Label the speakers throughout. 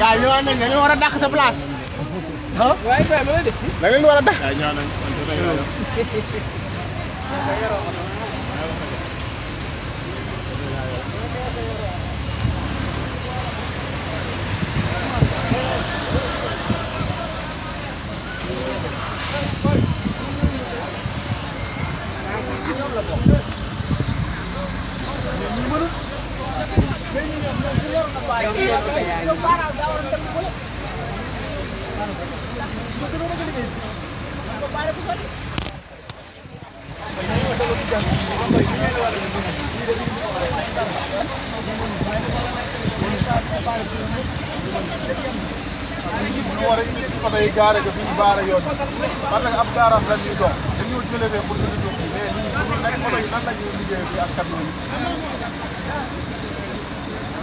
Speaker 1: gars yi ñëwaat nañ dañoo war a dàq sa place. ah waaye Ibrahima looy def. da ngeen war a dàq. tey gaare ko fii baare yoon man nag ab gaaraam la ñuy dox dañoo jëlee fee pour ñu jóg mais lii nan la ñuy liggéey fii ak kat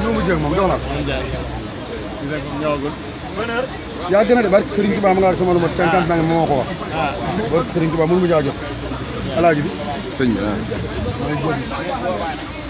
Speaker 1: ñoo ma jël moom jox naa ko. ñëwagul. yaa gën a de barke Serigne Touba ma nga sama lu mat cinquante ah. naa moo ko wax. Ah. barke Serigne jaa jox. alaaji bi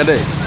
Speaker 1: 对。